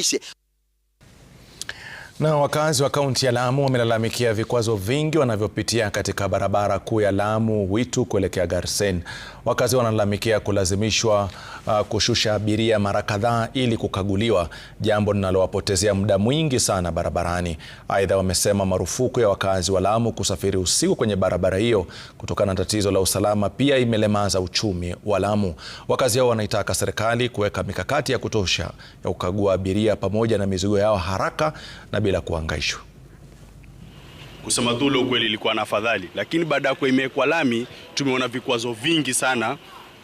experiência. Na wakazi wa kaunti ya Lamu wamelalamikia vikwazo vingi wanavyopitia katika barabara kuu ya Lamu Witu kuelekea Garsen. Wakazi wanalalamikia kulazimishwa uh, kushusha abiria mara kadhaa ili kukaguliwa, jambo linalowapotezea muda mwingi sana barabarani. Aidha, wamesema marufuku ya wakazi wa Lamu kusafiri usiku kwenye barabara hiyo kutokana na tatizo la usalama pia imelemaza uchumi wa Lamu. Wakazi hao wanaitaka serikali kuweka mikakati ya kutosha ya kukagua abiria pamoja na mizigo yao haraka na bila kuangaishwa. Kusema tu ule ukweli, ilikuwa na afadhali, lakini baada ya kuimekwa lami tumeona vikwazo vingi sana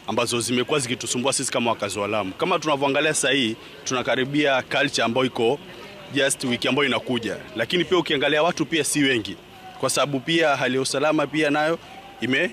ambazo zimekuwa zikitusumbua sisi kama wakazi wa Lamu. Kama tunavyoangalia sasa hii tunakaribia culture ambayo iko just wiki ambayo inakuja, lakini pia ukiangalia watu pia si wengi, kwa sababu pia hali ya usalama pia nayo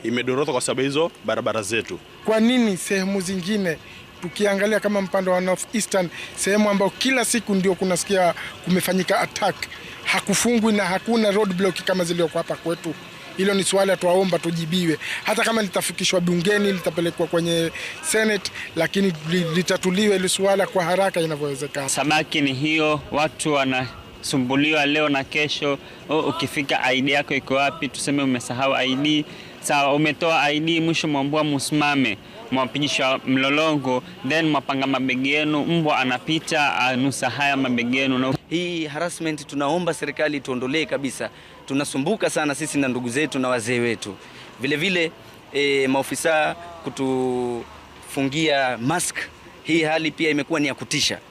imedorotha ime kwa sababu hizo barabara zetu. Kwa nini sehemu zingine tukiangalia kama mpande wa North Eastern, sehemu ambayo kila siku ndio kunasikia kumefanyika attack, hakufungwi na hakuna roadblock kama zilizoko hapa kwetu. Hilo ni swala twaomba tujibiwe, hata kama litafikishwa bungeni, litapelekwa kwenye Senate, lakini litatuliwe ili swala kwa haraka inavyowezekana. Samaki ni hiyo, watu wana kusumbuliwa leo na kesho. Oh, ukifika ID yako iko wapi? Tuseme umesahau ID, sawa, umetoa ID, mwisho mwambua musimame, mwapigisha mlolongo, then mwapanga mabegi yenu, mbwa anapita anusa haya mabegi yenu. Hii harassment tunaomba serikali tuondolee kabisa, tunasumbuka sana sisi na ndugu zetu na wazee wetu vilevile. E, maofisa kutufungia mask, hii hali pia imekuwa ni ya kutisha.